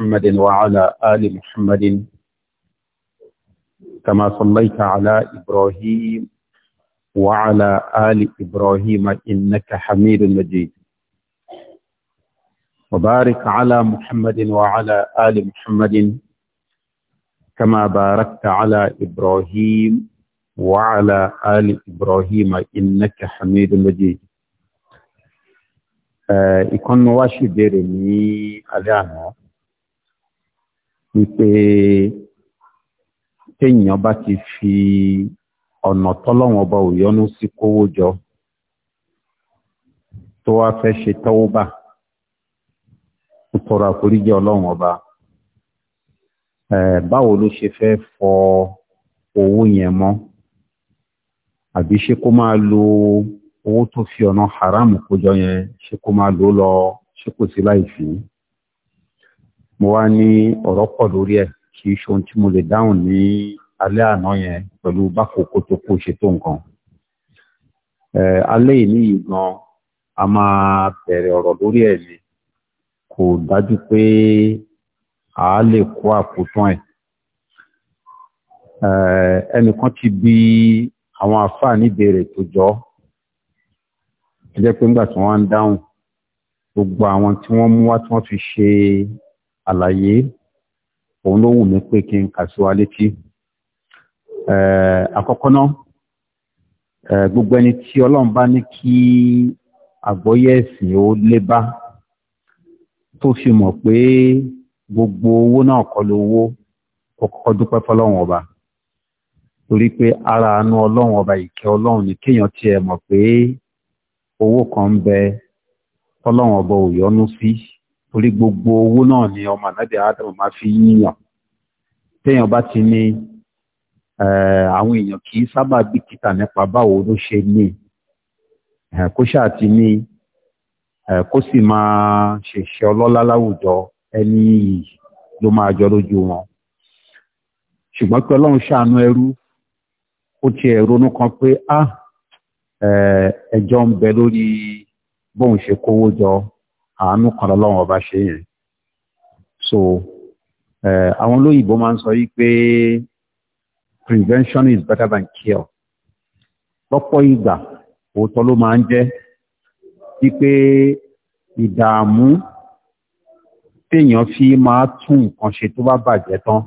محمد وعلى آل محمد كما صليت على إبراهيم وعلى آل إبراهيم إنك حميد مجيد وبارك على محمد وعلى آل محمد كما باركت على إبراهيم وعلى آل إبراهيم إنك حميد مجيد ìkọ́nù واشي ṣèbéèrè ní wípé téèyàn bá ti fi ọ̀nà tọ́lọ́wọ̀n ọba òyọ́nú sí kówó jọ tó wá fẹ́ ṣe tọ́wọ́bà tọrọ àforíjì ọlọ́run ọba báwo ló ṣe fẹ́ fọ owó yẹn mọ́ àbí ṣé kó máa lo owó tó fi ọ̀nà haram kójọ yẹn ṣé kó máa lò lọ ṣé kò sí láì fi mo wá ní ọ̀rọ̀ pọ̀ lórí ẹ̀ kì í ṣe ohun tí mo lè dáhùn ní alẹ́ àná yẹn pẹ̀lú bákòókò tó kó ṣe tó nǹkan. alẹ́ ìní yìí gan a máa bẹ̀rẹ̀ ọ̀rọ̀ lórí ẹ̀ ni kò dájú pé a lè kó àkótán ẹ̀. ẹnìkan ti bi àwọn àfáà níbèrè tó jọ ẹ jẹ́ pé nígbà tí wọ́n ń dáhùn gbogbo àwọn tí wọ́n mú wá tí wọ́n fi ṣe àlàyé òun ló wù mí pé kí n kà sí wa létí àkọ́kọ́ náà gbogbo ẹni tí ọlọ́run bá ní kí àgbọ́yé ẹ̀sìn ó lé bá tó fi mọ̀ pé gbogbo owó náà kọ́ lówó ó kọ́kọ́ dúpẹ́ fọlọ́run ọba torí pé ara àánú ọlọ́run ọba ìkẹ́ ọlọ́run ni kéèyàn tiẹ̀ mọ̀ pé owó kan ń bẹ fọlọ́run ọba ò yọnu sí. Si torí gbogbo owó náà ni ọmọ ànábì Ádámù máa fi yíyàn téèyàn bá ti ní eh, àwọn èèyàn kì í sábà bìkítà nípa báwo ló ṣe ní eh, kó ṣáà ti ní eh, kó sì máa ṣèṣe ọlọ́lá láwùjọ ẹni yìí ló máa jọ lójú wọn ṣùgbọ́n pé ọlọ́run ṣàánú ẹrú ó tiẹ̀ ronú kan pé ah, ẹjọ́ ń bẹ lórí bóun ṣe kówó jọ àánú kan lọ́wọ́ ọba ṣe yẹn so àwọn olóyìnbó máa ń sọ yí pé prevention is better than cure lọ́pọ̀ ìgbà òótọ́ ló máa ń jẹ́ wípé ìdààmú téèyàn fi máa tún nǹkan ṣe tó bá bàjẹ́ tán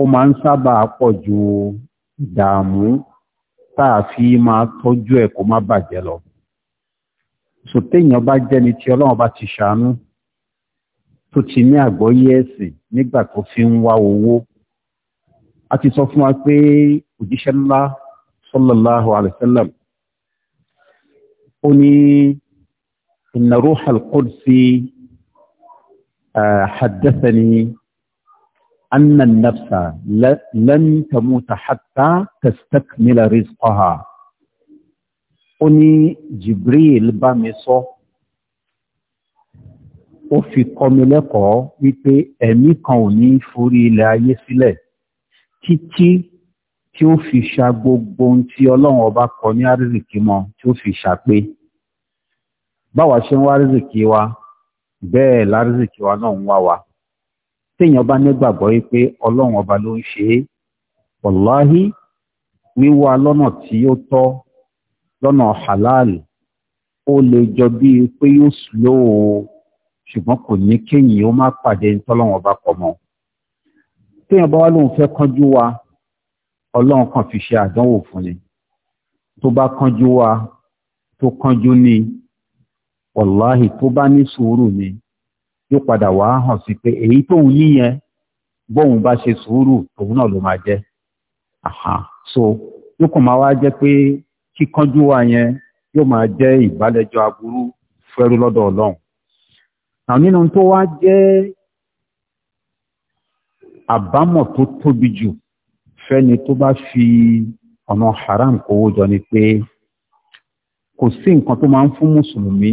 ó máa ń sábà pọ̀ ju ìdààmú tá a fi máa tọ́jú ẹ̀ kó má bàjẹ́ lọ sòtéèyàn bá jẹ́ni tí ọlọ́run bá ti ṣàánú tó ti ní àgbọ́yé ẹ̀sìn nígbà tó fi ń wá owó a ti sọ fún wa pé òjíṣẹ́ ńlá sallallahu alaihi wasallam ó ní inna ruhal qudsi haddathani anna an-nafsa lan tamuta hatta tastakmila ó ní Jibril bá mi sọ ó fi kọ́ mi lẹ́kọ̀ọ́ wípé ẹ̀mí kan ò ní forí ilẹ̀ ayé sílẹ̀ títí tí ó fi ṣa gbogbo ohun tí ọlọ́run ọba kọ ní àrísìkí mọ tí ó fi ṣàpé báwa ṣe ń wá àrísìkí wa bẹ́ẹ̀ lárísìkí wa náà ń wá wa téèyàn bá nígbàgbọ́ wípé ọlọ́run ọba ló ń ṣe é wíwá lọ́nà tí ó tọ́ lọ́nà halal ó lè jọ bíi pé yóò slow ṣùgbọ́n kò ní kéyìn ó má pàdé tọ́lọ́wọ́n bá pọ̀ mọ́ téèyàn bá wá lóun fẹ́ kánjú wa ọlọ́run kan fi ṣe àdánwò fún ni tó bá kánjú wa tó kánjú ni wàláhì tó bá ní sùúrù ni yóò padà wá hàn sí pé èyí tóun níyẹn bóun bá ṣe sùúrù òun náà ló máa jẹ́ so yóò kàn máa wá jẹ́ pé kíkánjú wa yẹn yóò máa jẹ́ ìbálẹ́jọ́ aburú fẹ́rú lọ́dọ̀ ọlọ́run àwọn nínú tó wá jẹ́ àbámọ̀ tó tóbi jù fẹ́ni tó bá fi ọ̀nà haram kówó jọ ni pé kò sí nǹkan tó máa ń fún mùsùlùmí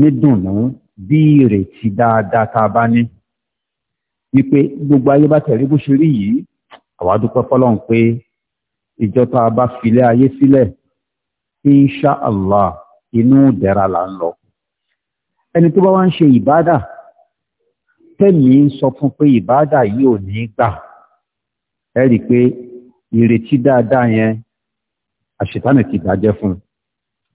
ní dùnnú bí ìrètí dáadáa tá a bá ní wípé gbogbo ayé bá tẹ̀lé bó ṣe rí yìí àwa fọlọ́run pé ìjọ tá a bá filẹ̀ ayé sílẹ̀ insha allah inú dẹ̀ra là ń ẹni tó bá wá ń ṣe ìbádà tẹ́mi ń sọ fún pé ìbádà yìí ò ní gbà ẹ rí i pé ìrètí dáadáa yẹn àṣetánì ti fún un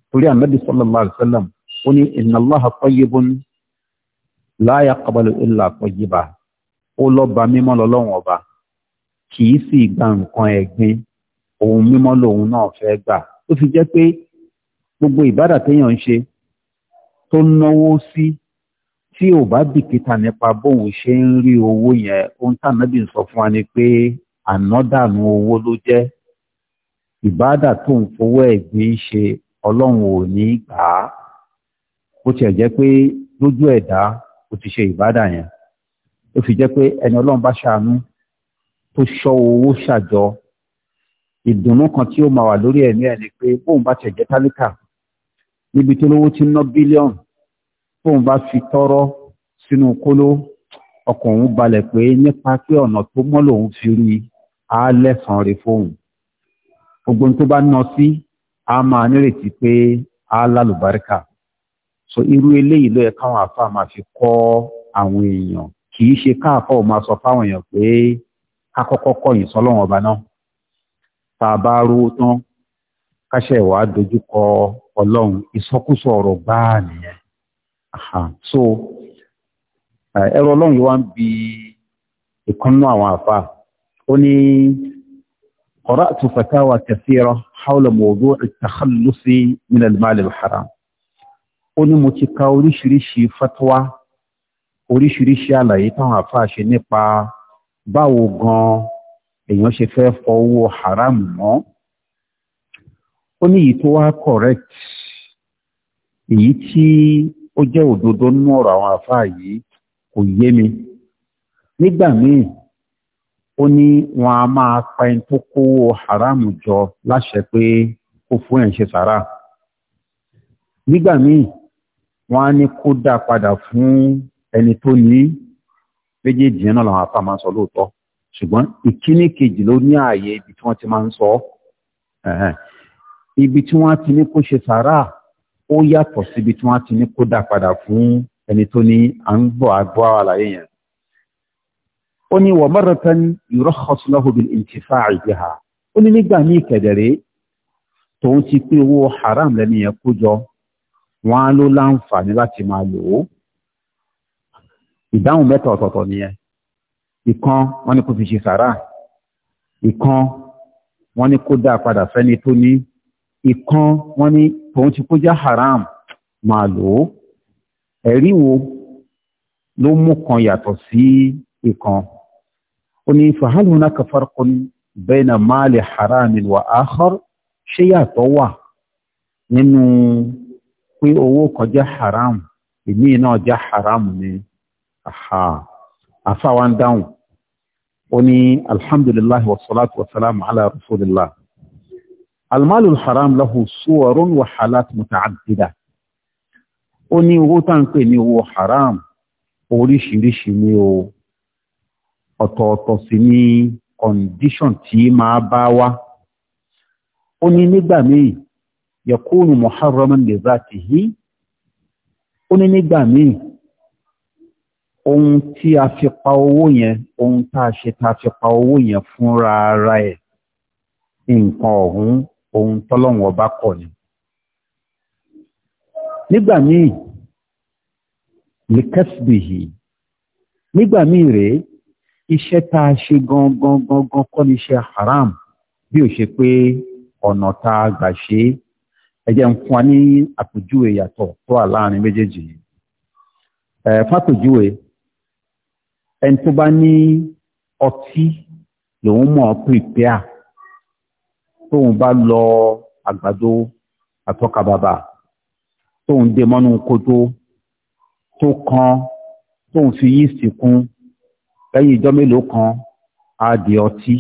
torí ànábì sallallahu alaihi wasallam ó ní inna allaha tayyibun la yaqbalu illa tayyiba ó mímọ́ ọba kì í sì gba nǹkan ẹ̀gbin òun mímọ́ lòun náà fẹ́ ó fi jẹ́ pé gbogbo ìbádà téèyàn ń ṣe tó náwó sí tí ò bá bìkítà nípa bóun ṣe ń rí owó yẹn ohun tànàbì ń sọ fún wa ni pé ànádànù owó ló jẹ́ ìbádà tó ń fowó ẹ̀gbin ṣe ọlọ́run ò ní gbà á ó tiẹ̀ jẹ́ pé lójú ẹ̀dá ó ti ṣe ìbádà yẹn ó fi jẹ́ pé ẹni ọlọ́run bá ṣàánú tó ṣọ́ owó ṣàjọ ìdùnnú kan tí ó máa wà lórí ẹ̀mí ẹ̀ ni pé bóun bá tẹ̀jẹ́ tálíkà níbi tó lówó ti ná bílíọ̀nù bóun bá fi tọ́rọ́ sínú kóló ọkàn òun balẹ̀ pé nípa pé ọ̀nà tó mọ́ lòun fi rí alẹ́sàn rẹ̀ fóun gbogbo tó bá ná sí a máa nírètí pé a lálùbáríkà so irú eléyìí ló yẹ káwọn àfáà máa fi kọ́ àwọn èèyàn kì í ṣe káàfọ́ máa sọ fáwọn èèyàn pé ká kọ̀yìn sọ́lọ́wọ́n ọba náà tá a bá rówó tán káṣẹ́ ìwà dojúkọ ọlọ́run ìsọkúsọ ọ̀rọ̀ gbáà nìyẹn so ẹ̀rọ ọlọ́run yìí wá ń bi ìkànnú àwọn àfa ó ní قرأت فتاوى كثيرة حول موضوع التخلص من المال الحرام ó ní mo ti ka oríṣiríṣi fatwa oríṣiríṣi àlàyé táwọn àfa ṣe nípa báwo gan-an èèyàn ṣe fẹ́ fọ owó haram mọ́ ó ní èyí tó wá correct èyí tí ó jẹ́ òdodo nínú ọ̀rọ̀ àwọn àfáà yìí kò yé mi nígbà míì ó ní wọn a máa pa ẹni tó kówó haram jọ láṣẹ pé kó fún ẹ̀ ń ṣe sàrà nígbà míì wọn á ní kó dá padà fún ẹni tó ní méjèèjì náà làwọn àfáà máa sọ lóòótọ́ ṣùgbọ́n ìkíní kejì ló ní ààyè ibi tí wọ́n ti máa ń sọ ibi tí wọ́n ti ní kó ṣe sàárà ó yàtọ̀ síbi tí wọ́n ti ní kó dà padà fún ẹni tó ní à ń gbọ́ àgbọ́ àlàyé yẹn ó ní wa marratan yurakhkhasu lahu bil intifa'i biha ó ní nígbà ní ìkẹ̀dẹ̀rẹ́ tòun ti pé owó haram lẹ́ni yẹn kó jọ wọ́n á ló láǹfààní láti máa lò ó ìdáhùn mẹ́ta ọ̀tọ̀ọ̀tọ̀ nìyẹn ìkan wọ́n ní kó fi ṣe sàrà ìkan wọ́n ní kó dá padà fẹ́ni tó ní ìkan wọ́n ní tòun ti kó já haram máa lò ó ẹ̀rí wo ló mú kan yàtọ̀ sí ìkan ó ní fàhálù náà kàfàrkọ bẹ́ẹ̀nà máàlì haram wà áhọ́r ṣé yàtọ̀ wà nínú pé owó kan jẹ́ haram ìmí náà jẹ́ haram ni àfáwá ń dáhùn ó ní alhamdulillah wa salatu wa salam ala rasulillah almalu haram lahu suwarun wa halat muta'addida ó ní owó tá ń pè ní owó haram oríṣiríṣi ni o ọ̀tọ̀ọ̀tọ̀ sí ní condition tí máa bá wá ó nígbà míì yakunu muharraman li zatihi ó ní nígbà míì ohun tí a fi pa owó yẹn ohun tá a ṣe tá a fi pa owó yẹn fúnra ara ẹ̀ nǹkan ọ̀hún ohun tọ́lọ́wọ̀n ọba kọ̀ ni. nígbà míì likasbihi nígbà míì rèé iṣẹ́ tá a ṣe gangan gangan kọ́ ni iṣẹ́ haram bí ó ṣe pé ọ̀nà tá a gbà ṣe é ẹ ń fún wa ní àpèjúwe yàtọ̀ tó wà láàrin méjèèjì yìí. fàpèjúwe ẹni tó bá ní ọtí lòun mọ̀ prepare tóun bá lọ àgbàdo àtọ́ka bàbà tóun dé mọ́nú kótó tó kan tóun fi yeast kún lẹ́yìn ìjọ́ mélòó kan á di ọtí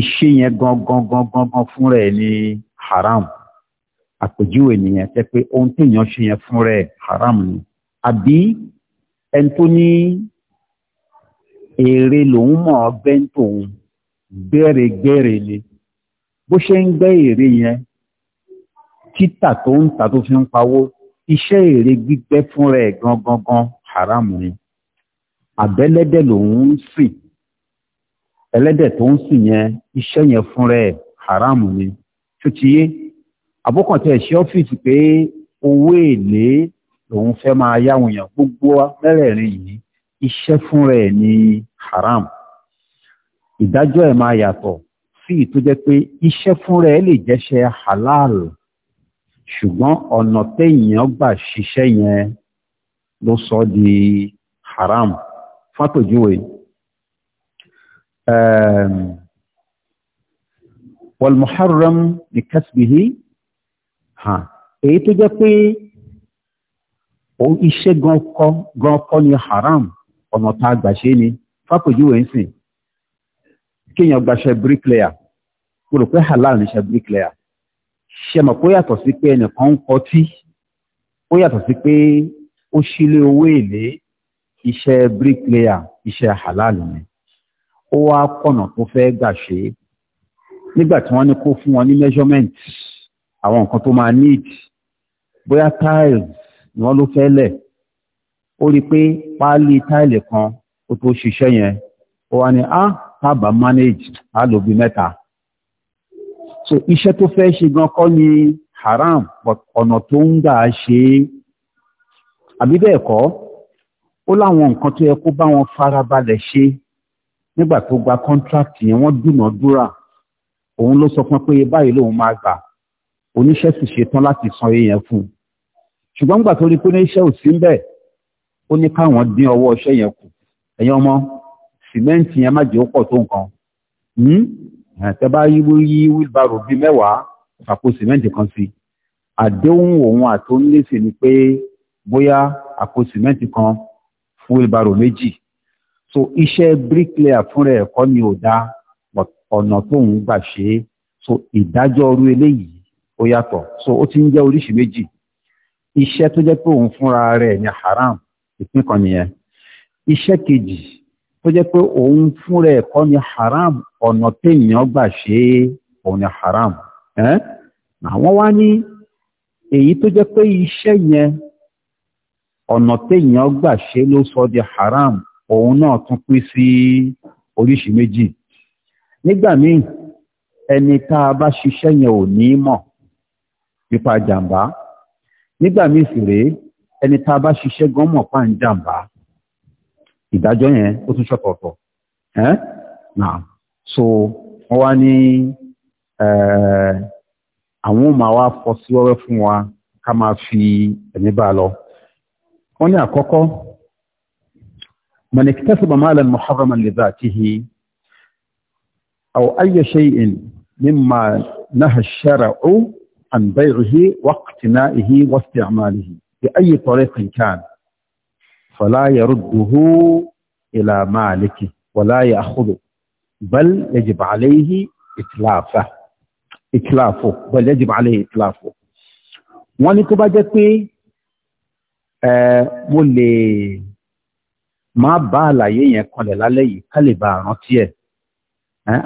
iṣẹ́ yẹn gangan gangan gan fún rẹ̀ ní haram àpèjúwe nìyẹn tẹ́ pé ohun téèyàn ṣe yẹn fún rẹ̀ haram ni àbí ẹni tó ní èrè lòun mọ̀ ọgbẹ́ tòun gbẹ́rẹ̀gbẹ́rẹ̀ ni bó ṣe ń gbẹ́ èrè yẹn títà tó ń tà tó fi ń pawó iṣẹ́ èrè gbígbẹ́ fúnra ẹ̀ gangan haram ni àbẹ́lẹ́dẹ̀ lòun ń sìn ẹlẹ́dẹ̀ tó ń sìn yẹn iṣẹ́ yẹn fúnra ẹ̀ haram ni tó ti yé àbúkọ̀tẹ̀ ṣe ọ́fíìsì pé owó èlé lòun fẹ́ máa yáwọn èèyàn gbogbo mẹ́rẹ̀ẹ̀rin yìí iṣẹ́ fún rẹ̀ ní haram ìdájọ́ ẹ̀ máa yàtọ̀ sí ìtó jẹ́ pé iṣẹ́ fún rẹ̀ lè jẹ́ṣẹ́ halal ṣùgbọ́n ọ̀nà téèyàn gbà ṣiṣẹ́ yẹn ló sọ di haram fátòjúwe wal muharram ní kasbihi èyí tó jẹ́ pé iṣẹ́ gan kọ́ gan kọ́ ni haram ọ̀nà tá a gbà ṣe ni fàpèjúwe ń sìn kéèyàn gbaṣẹ́ bricklayer mo rò pé halal níṣẹ́ bricklayer ṣe mọ̀ pé yàtọ̀ sí pé ẹnìkan ń kọtí ó yàtọ̀ sí pé ó ṣílé owó èlé iṣẹ́ bricklayer iṣẹ́ halal ni ó wá kọ̀nà tó fẹ́ gbà ṣe nígbà tí wọ́n ní kó fún wọn ní measurement àwọn nǹkan tó máa need bóyá tiles wọ́n ló fẹ́ lẹ̀ ó rí pé páálí táìlì kan ó tó ṣiṣẹ́ yẹn ó wá ní á ah, tábà manage á lò bí mẹ́ta so iṣẹ́ tó fẹ́ ṣe gan kọ́ ni haram but ọ̀nà tó ń gbà ṣe é àbí bẹ́ẹ̀ kọ́ ó láwọn nǹkan tó yẹ kó bá wọn farabalẹ̀ ṣe nígbà tó gba kọ́ńtrákì yẹn wọ́n dúnàádúrà òun ló sọ fún pé báyìí lòun máa gbà oníṣẹ́ sì ṣetán láti san iye fún un ṣùgbọ́n gbà tó rí pé ní iṣẹ́ ò sí bẹ́ẹ̀ ó ní káwọn dín ọwọ́ iṣẹ́ yẹn kù ẹ̀yin ọmọ sìmẹ́ǹtì yẹn má jẹ́ ó pọ̀ tó nǹkan hmm? tẹ́ bá yí wheelbarrow bíi mẹ́wàá àpò sìmẹ́ǹtì kan sí àdéhùn òun àtòúnlẹ̀sì ni pé bóyá àpò sìmẹ́ǹtì kan fún wheelbarrow méjì so iṣẹ́ bricklayer fúnra ẹ̀kọ́ ni ò dáa ọ̀nà tóun gbà ṣe é so ìdájọ́ ọrú eléyìí ó yàtọ̀ so ó ti ń jẹ́ oríṣi méjì iṣẹ́ tó jẹ́ pé òun fúnra rẹ̀ ní haram ìpín kan nìyẹn iṣẹ́ kejì tó jẹ́ pé òun fúnra ẹ̀ kọ́ ní haram ọ̀nà téèyàn gbà ṣe é òun ní haram àwọn wá ní èyí tó jẹ́ pé iṣẹ́ yẹn ọ̀nà téèyàn gbà ṣe ló sọ di haram òun náà tún pín sí oríṣi méjì nígbà míì ẹni tá a bá ṣiṣẹ́ yẹn ò ní mọ̀ nípa jàǹbá nígbà míì sì rèé ẹni tá a bá ṣiṣẹ́ gan mọ̀ pa ń jàǹbá ìdájọ́ yẹn ó tún ṣọ̀tọ̀ọ̀tọ̀ náà so wọ́n wá ní eh, àwọn ò máa wá fọ sí wẹ́wẹ́ fún wa ká máa fi ẹ̀mí bá a lọ wọ́n ní àkọ́kọ́ man iktasaba عن بيعه واقتنائه واستعماله بأي طريق كان فلا يرده إلى مالكه ولا يأخذه بل يجب عليه إتلافه إتلافه بل يجب عليه إتلافه wọ́n ní tó bá jẹ́ pé mo lè má bá àlàyé yẹn kanlẹ̀ lálẹ́ yìí ká lè bá àrántí ẹ̀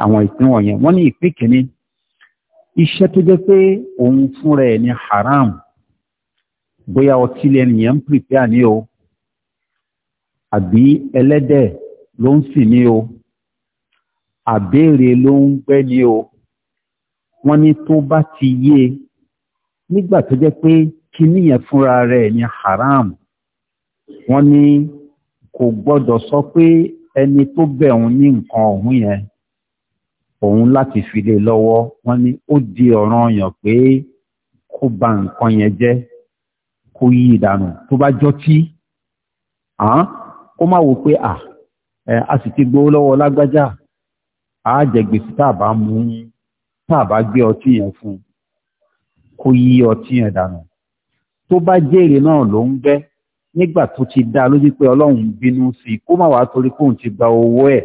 àwọn ìpín wọ̀nyẹn wọ́n ní ìpín kìíní iṣẹ́ tó jẹ́ pé òun fúnra ẹ̀ ní haram bóyá ọtí lẹ́nu yẹn ń prepare ní o àbí ẹlẹ́dẹ̀ ló ń sìn ní o àbéèrè ló ń gbẹ́ ní o wọ́n ní tó bá ti yé nígbà tó jẹ́ pé kíní yẹn fúnra rẹ̀ ní haram wọ́n ní kò gbọ́dọ̀ sọ pé ẹni tó bẹ̀ òun ní nǹkan ọ̀hún yẹn òun láti file lọ́wọ́ wọ́n ní ó di ọ̀ranyàn pé kó ba nǹkan yẹn jẹ́ kó yí ìdànù tó bá jọ tí kó má wò pé à a sì ti gbowó lọ́wọ́ lágbájá a jẹ gbèsè tá a bá mú tá a bá gbé ọtí yẹn fún kó yí ọtí yẹn dànù tó bá jèrè náà ló ń gbẹ́ nígbà tó ti dá lójú pé ọlọ́run bínú sí kó má wàá torí kóun ti gba owó ẹ̀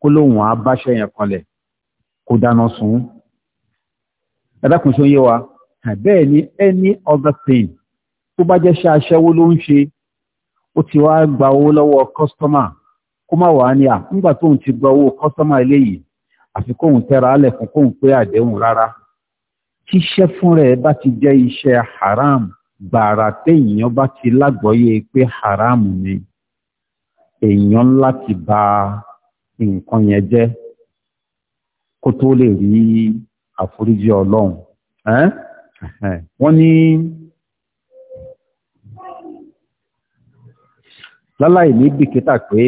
kó lóun á báṣẹ́ yẹn kanlẹ̀ kò dáná sun ẹ̀dákùnṣe yé wa bẹ́ẹ̀ ni any other thing tó bá jẹ́ ṣe aṣẹ́wó ló ń ṣe ó ti wá gba owó lọ́wọ́ kọ́sítọ́mà kó má wàá ní à nígbà tóun ti gba owó kọ́sítọ́mà eléyìí àfi kóun tẹ́ra alẹ̀ fún kóun pé àdéhùn rárá tíṣẹ́ fún rẹ̀ bá ti jẹ́ iṣẹ́ haram gbàrà téèyàn bá ti lágbọ́yé pé haram ni èèyàn láti bà nǹkan yẹn jẹ́ kó tó lè rí àforíjì ọlọ́run wọ́n ní láláì ní bìkítà pé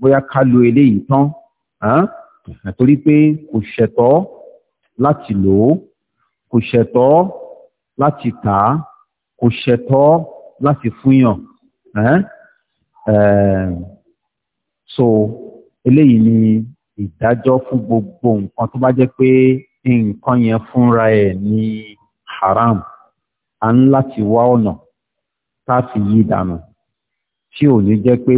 bóyá ká lo eléyìí tán torí pé kò ṣẹ̀tọ́ láti lò ó kò ṣẹ̀tọ́ láti tà á kò ṣẹ̀tọ́ láti fúnyàn so eléyìí ni ìdájọ́ fún gbogbo nǹkan tó bá jẹ́ pé nǹkan yẹn fúnra ẹ̀ ní haram a ń láti wá ọ̀nà tá a fi yí dànù tí ò ní jẹ́ pé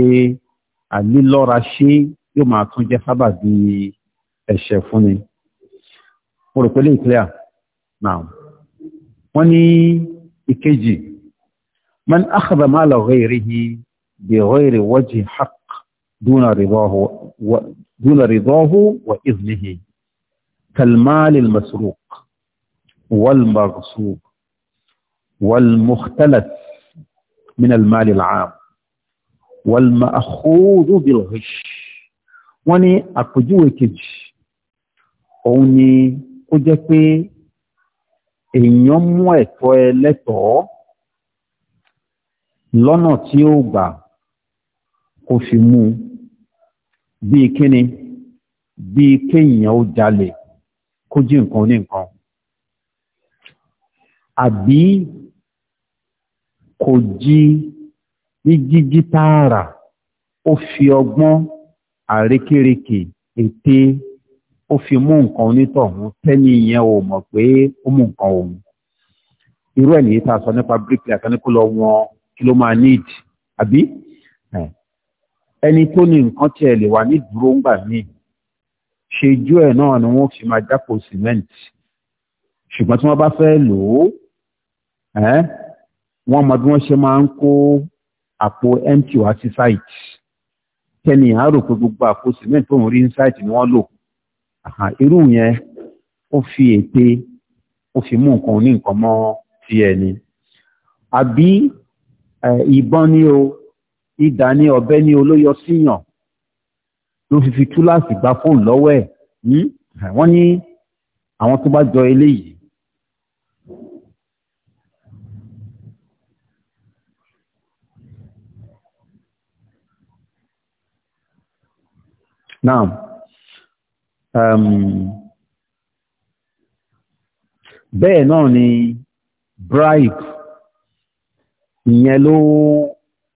àlílọ́ra ṣé yóò máa tún jẹ́ sábàbí ẹ̀ṣẹ̀ fúnni mo rò pé lè clear now wọ́n ní ìkejì man akhadha mala ghayrihi bi ghayri wajhi haqq دون رضاه دون رضاه وإذنه كالمال المسروق والمغصوب والمختلف من المال العام والمأخوذ بالغش وني ni apejuwe وني jẹ́ إن èèyàn لونو تيوبا mu مو bíi kíni bíi kéèyàn ó jalè kó jí nǹkan oní nǹkan àbí kò jí ní jíjí tààrà ó fi ọgbọ́n àrékérekè ète ó fi mú nǹkan onítọ̀hún tẹ́ni ìyẹn ò mọ̀ pé ó mú nǹkan òun irú ẹ̀ nìyí tá a sọ nípa bíríkìlì àtàníkù lọ wọn kí ló máa níìdì àbí ẹni tó ní nǹkan tí ẹ lè wà ní dúró ńgbà míì ṣe jú ẹ̀ náà ni wọ́n fi máa jápò sìmẹ́ǹtì ṣùgbọ́n tí wọ́n bá fẹ́ lò ó wọ́n mọ bí wọ́n ṣe máa ń kó àpò empty wá sí site tẹ́ni àárò pé gbogbo àpò sìmẹ́ǹtì tó ń rí ní site ni wọ́n lò irú yẹn ó fi ète ó fi mú nǹkan ní nǹkan mọ́ ti ẹni àbí ìbọn ni o ìdà ni ọ̀bẹ ni olóyọ síyàn ló fi fi túláàsì gba fóònù lọ́wọ́ ẹ̀ hmm? wọ́n ní àwọn tó bá jọ eléyìí Naam. Um, bẹ́ẹ̀ náà ni bribe ìyẹn ló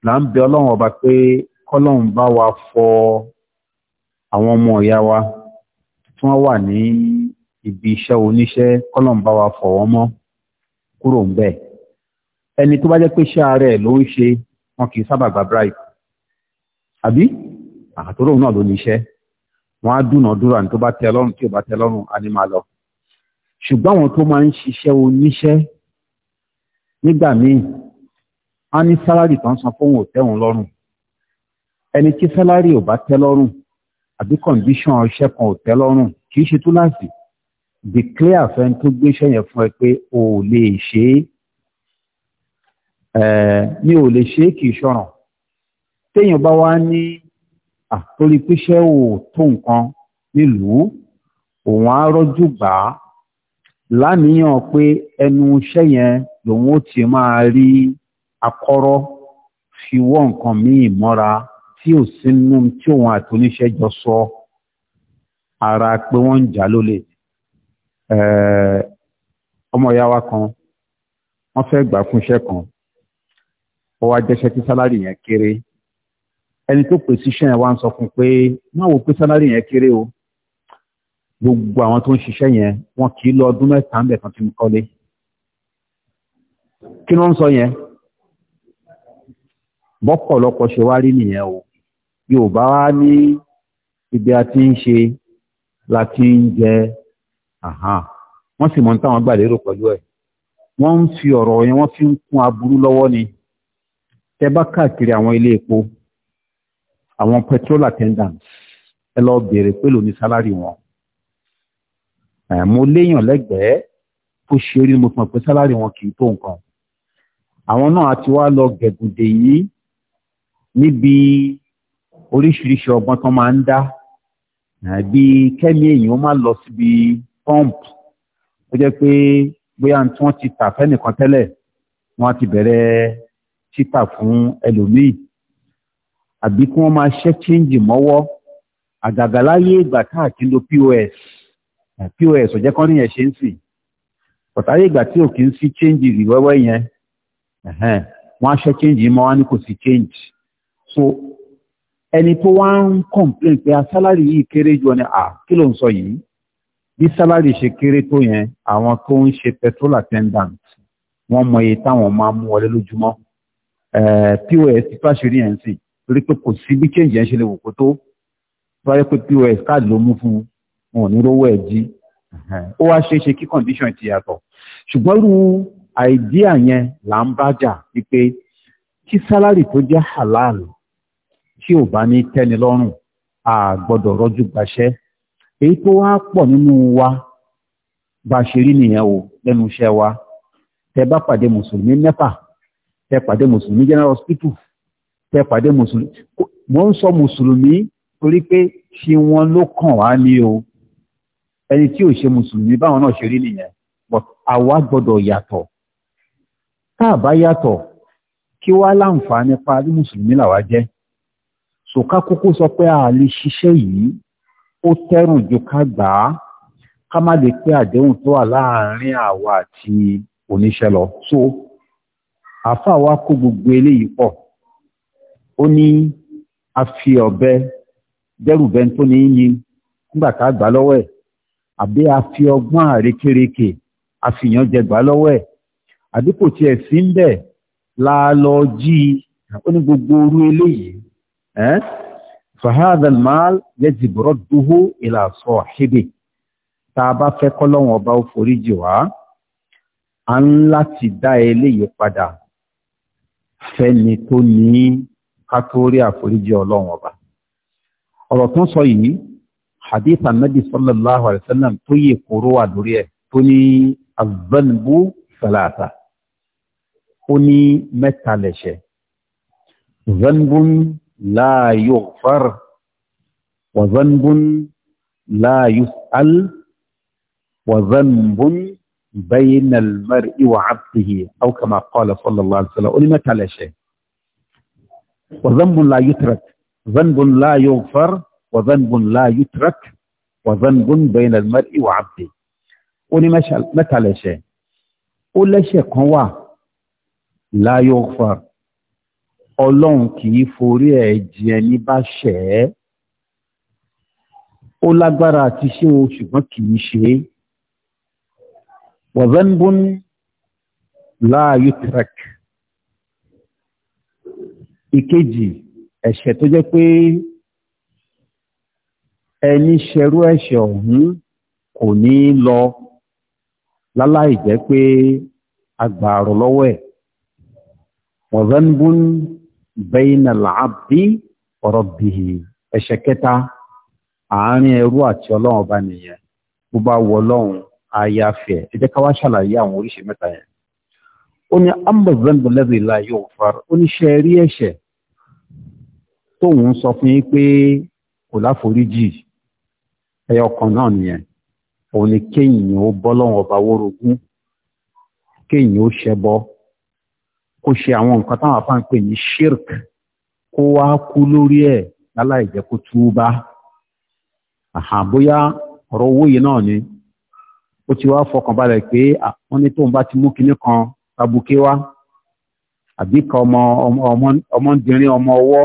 là ń bẹ ọlọ́run ọba pé kọ́lọ́run bá wa fọ àwọn ọmọ ìyá wa tí wọ́n wà ní ibi iṣẹ́ oníṣẹ́ kọ́lọ́run bá wa fọ wọ́n mọ́ kúrò ń bẹ̀. ẹni tó bá jẹ́ pé iṣẹ́ ara ẹ̀ ló ń ṣe wọn kì í sábà gba bribe àbí àtúrò náà ló ní iṣẹ́ wọn á dúnàádúrà ní tó bá tẹ́ lọ́rùn tí ò bá tẹ́ lọ́rùn á ní máa lọ. ṣùgbọ́n àwọn tó máa ń ṣiṣẹ́ oníṣẹ́ nígbà míì á ní sálárì kan san fóun ò tẹ́hun lọ́rùn ẹni tí sálárì ò bá tẹ́ lọ́rùn àbí kọ̀ǹdíṣàn iṣẹ́ kan ò tẹ́ lọ́rùn kì í ṣe túláàsì declare fẹ́ni tó gbéṣẹ́ yẹn fún ẹ pé o ò lè ṣe é mi ò lè ṣe é kì í ṣọ̀ràn téèyàn bá wá ní àtórí píṣẹ́ ò tó nǹkan nílùú òun á rọ́jú gbà á láníyàn pé ẹnu iṣẹ́ yẹn lòun ó ti máa rí akọ́rọ́ fi wọ́ nǹkan míì mọ́ra tí ò sínú tí òun àti oníṣẹ́ jọ sọ ara pé wọ́n ń jà lólè ọmọ ìyá wa kan wọ́n fẹ́ gbà fún iṣẹ́ kan ó wá jẹ́ṣẹ́ tí sálárì yẹn kéré ẹni tó pè síṣẹ́ yẹn wá ń sọ fún pé máa wò pé sálárì yẹn kéré o gbogbo àwọn tó ń ṣiṣẹ́ yẹn wọn kì í lọ ọdún mẹ́ta ń bẹ̀ kan tí mo kọ́lé kí ló ń sọ yẹn bọ́pọ̀lọpọ̀ ṣe wá rí nìyẹn o yorùbá wá ní ibi a ti ń ṣe la ti ń jẹ wọ́n sì mọ̀ ní táwọn gbàlérò pẹ̀lú ẹ̀ wọ́n ń fi ọ̀rọ̀ yẹn wọ́n fi ń kún aburú lọ́wọ́ ni tẹ bá káàkiri àwọn ilé epo àwọn petrol attendants ẹ lọ béèrè pélò ní sálárì wọn mo léèyàn lẹ́gbẹ̀ẹ́ tó ṣe orí mo pọ̀ pé sálárì wọn kì í tó nǹkan àwọn náà àti wá lọ gẹ̀gùdè yìí níbi oríṣiríṣi ọgbọ́n tó máa ń dá àbí kẹ́mi èèyàn máa lọ síbi pump ó jẹ́ pé bóyá tí wọ́n ti tà fẹ́nìkan tẹ́lẹ̀ wọ́n ti bẹ̀rẹ̀ títà fún ẹlòmíì àbí kí wọ́n máa ṣẹ́ chíńjì mọ́wọ́ àgàgà ìgbà káàkiri lo pos eh, pos ọ̀jẹ́ kan níyẹn ṣe ń sìn pọ̀tàyé ìgbà tí ò kì í sí chíńjì rí wẹ́wẹ́ yẹn wọ́n á ṣẹ́ chíńjì mọ́ wọn ni kò sí chíńjì so ẹni tó wá ń complain pé asálárì yìí kéré jù ni à kí ló ń sọ yìí bí sálárì ṣe kéré tó yẹn àwọn tó ń ṣe petrol attendant wọ́n mọ iye táwọn máa mú wọlé lójúmọ́ eh, pos fáṣírí ẹ̀ ń sìn torí pé kò sí bí change yẹn ṣe lè wò kó tó tó wáyé pé pos káàdì ló mú fún un wọn ò ní rówó ẹ̀ jí ó wá ṣeé ṣe kí condition ti yàtọ̀ ṣùgbọ́n irú àìdíà yẹn là ń bá jà wípé kí sálárì tó jẹ́ halal tí ò bá ní tẹ́ni lọ́rùn a gbọ́dọ̀ rọ́jú gbaṣẹ́ èyí tó wá pọ̀ nínú wa bá ṣe rí nìyẹn o lẹ́nu iṣẹ́ wa tẹ bá pàdé mùsùlùmí mẹ́fà tẹ pàdé mùsùlùmí general hospital tẹ pàdé mùsùlùmí mo ń sọ mùsùlùmí torí pé tí wọn ló kàn wá ní o ẹni tí ò ṣe mùsùlùmí báwọn náà ṣe rí nìyẹn but àwa gbọ́dọ̀ yàtọ̀ tá a bá yàtọ̀ kí wá láǹfààní pa mùsùlùmí làwa jẹ́ so ká kúkú sọ pé a lè ṣiṣẹ́ yìí ó tẹ́rùn ju ká gbà á ká má lè pé àdéhùn tó wà àwa àti oníṣẹ́ lọ so wa gbogbo eléyìí pọ̀ ó ní a fi ọ̀bẹ dẹ́rù tó ní gba nígbà tá a gbà lọ́wọ́ ẹ̀ àbí a fi ọgbọ́n àrékérekè a fi yàn jẹ la lọ jí i ó ní gbogbo orú eléyìí Eh? fahadha almal yajibu radduhu ila sahibi tá a bá fẹ́ kọ́lọ́wọ́n ọba ó foríjì wá a ń láti dá eléyìí padà fẹ́ni tó ní ká tó rí àforíjì ọlọ́wọ́n ọba ọ̀rọ̀ tó ń sọ yìí hadith annabi sallallahu alaihi wasallam tó yẹ kóró wà lórí ẹ̀ tó ní azanbu salata ó ní mẹ́ta lẹ̀ṣẹ̀ zanbun لا يغفر وذنب لا يسأل وذنب بين المرء وعبده أو كما قال صلى الله عليه وسلم ولمك على شيء وذنب لا يترك ذنب لا يغفر وذنب لا يترك وذنب بين المرء وعبده ولمك على شيء ó شيء هو لا يغفر ọlọ́run kì í forí ẹ̀ jì ẹni bá ṣẹ̀ ẹ́ ó lágbára àti ṣé o ṣùgbọ́n kì í ṣe é wọ̀zẹ́nbún láàyò trek ìkejì ẹ̀ṣẹ̀ tó jẹ́ pé ẹni ṣerú ẹ̀ṣẹ̀ ọ̀hún kò ní lọ láláì jẹ́ pé agbààrọ̀ lọ́wọ́ ẹ̀ wọ̀zẹ́nbún bainal abdi wa rabbihi ẹ̀ṣẹ̀ kẹta àárín ẹrú àti ọlọ́run ọba nìyẹn bó bá wọ ọlọ́run àyàfi ẹ̀ ẹ jẹ́ ká wá ṣàlàyé àwọn oríṣi mẹ́ta yẹn ó la ya fara ó ní ẹ̀ṣẹ̀ kó ṣe àwọn nǹkan táwọn afá ń pè ní shirk kó wá kú lórí ẹ̀ láláì jẹ́ kó túbá àhà bóyá ọ̀rọ̀ owó yìí náà ni ó ti wá fọkàn balẹ̀ pé wọ́n ní tóun bá ti mú kinní kan tabuké wá àbí kan ọmọ ọmọdìnrín ọmọ ọwọ́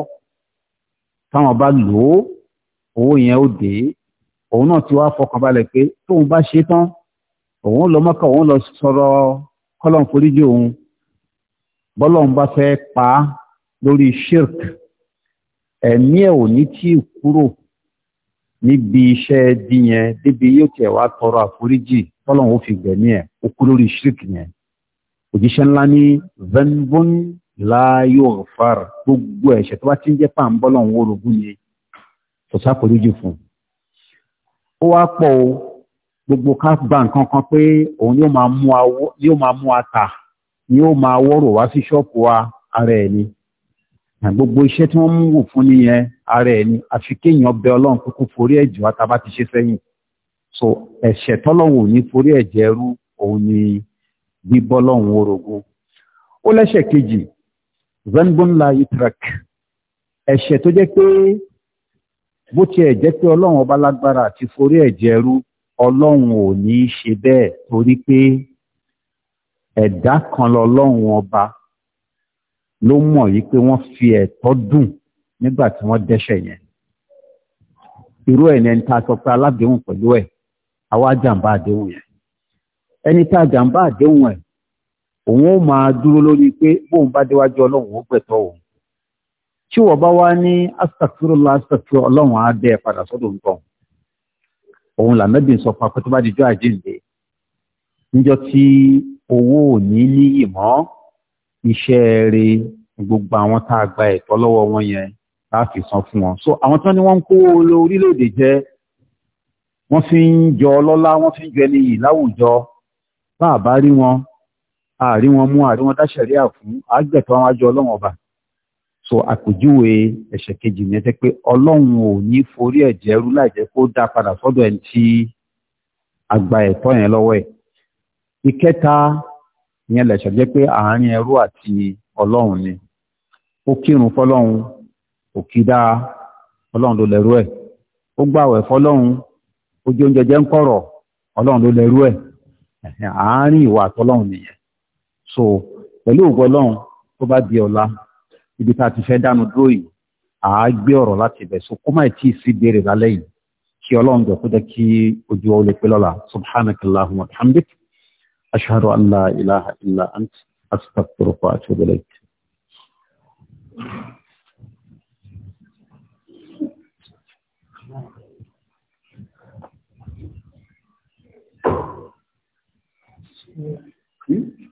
táwọn bá lò ó owó yẹn ó dé òun náà ti wá fọkàn balẹ̀ pé tóun bá ṣe tán òun lọ mọ́kà òun lọ sọ̀rọ̀ kọ́lọ́n òun bọ́lọ́run bá fẹ́ pa á lórí shirk ẹ̀mí ẹ̀ ò ní tí kúrò níbi iṣẹ́ díyẹn débi yóò tẹ̀ wá tọrọ àforíjì bọ́lọ́run ó fi gbẹ̀mí ẹ̀ ó kú lórí shirk yẹn òjíṣẹ́ ńlá ní venbon láyò far gbogbo ẹ̀ṣẹ̀ tó bá ti ń jẹ́ pàm bọ́lọ́run orogún ni kò sáforíjì fún ó wá pọ̀ o gbogbo ká gba nǹkan kan pé òun yóò máa mú ata ni ó máa wọ́rọ̀ wá sí ṣọ́ọ̀pù wa ara ẹ̀ ni gbogbo iṣẹ́ tí wọ́n mú wò fún nìyẹn ara ẹ̀ ni àfi kéèyàn bẹ ọlọ́run kúkú forí ẹ̀ jù wá bá ti ṣe sẹ́yìn so ẹ̀ṣẹ̀ tọ́lọ́run ò ní forí ẹ̀ jẹ́ rú òun ni bíbọ́ lọ́run orogún ó lẹ́ṣẹ̀ kejì zenbonla utrecht ẹ̀ṣẹ̀ tó jẹ́ pé bó tiẹ̀ jẹ́ pé ọlọ́run ọba lágbára àti forí ẹ̀ rú ọlọ́run ò ní ṣe bẹ́ẹ̀ torí pé ẹ̀dá kan lọ́lọ́run ọba ló mọ̀ yí pé wọ́n fi ẹ̀tọ́ dùn nígbà tí wọ́n dẹ́ṣẹ̀ yẹn irú ẹ̀ lẹ́ni tá a sọ pé aládéhùn pẹ̀lú ẹ̀ àwa jàǹbá àdéhùn yẹn ẹni tá a jàǹbá àdéhùn ẹ̀ òun ó máa dúró lórí pé bóun bá déwájú ọlọ́run ó gbẹ̀tọ́ òun tí wọ́n bá wá ní ọlọ́run á padà sọ́dọ̀ nǹkan òun làmẹ́bí sọ pa pé owó ò ní níyì mọ́ iṣẹ́ rẹ gbogbo àwọn tá a gba ẹ̀tọ́ lọ́wọ́ wọn yẹn láti san fún wọn so àwọn tán ni wọ́n ń kó orílẹ̀-èdè jẹ wọ́n fi ń jọ ọlọ́lá wọ́n fi ń jọ ẹni yìí láwùjọ bá a bá rí wọn àárí wọn mú àárí wọn dáṣẹ̀ríà fún àgbẹ̀tọ́ àwọn àjọ ọlọ́wọ́n ọba so àpèjúwe ẹ̀ṣẹ̀ kejì yẹn jẹ́ pé ọlọ́run ò ní forí ẹ̀jẹ̀ rú láì jẹ́ kó dá padà sọ́dọ̀ ẹni tí a gba ẹ̀tọ́ yẹn lọ́wọ́ ẹ̀ ìkẹta ìyẹn lẹ̀ṣẹ̀ jẹ́ pé àárín ẹrú àti ọlọ́run ni ó kírun fọlọ́run òkìdá ọlọ́run ló lẹ́rú ẹ̀ ó gbàwẹ̀ fọlọ́run ojú oúnjẹ jẹ́ ń kọ̀rọ̀ ọlọ́run ló lẹ́rú ẹ̀ àárín ìwà àtọlọ́run nìyẹn so pẹ̀lú ògo ọlọ́run tó bá di ọ̀la ibi tá a ti fẹ́ dánu dúró yìí àá gbé ọ̀rọ̀ láti ibẹ̀ so kó má tí ì sí béèrè lálẹ́ yìí kí ọlọ́run jọ kó jẹ́ kí ojú ọ lè pé lọ́la subhanakallahumma wa bihamdik أشهد أن لا إله إلا أنت أستغفرك وأتوب إليك Thank mm -hmm. you.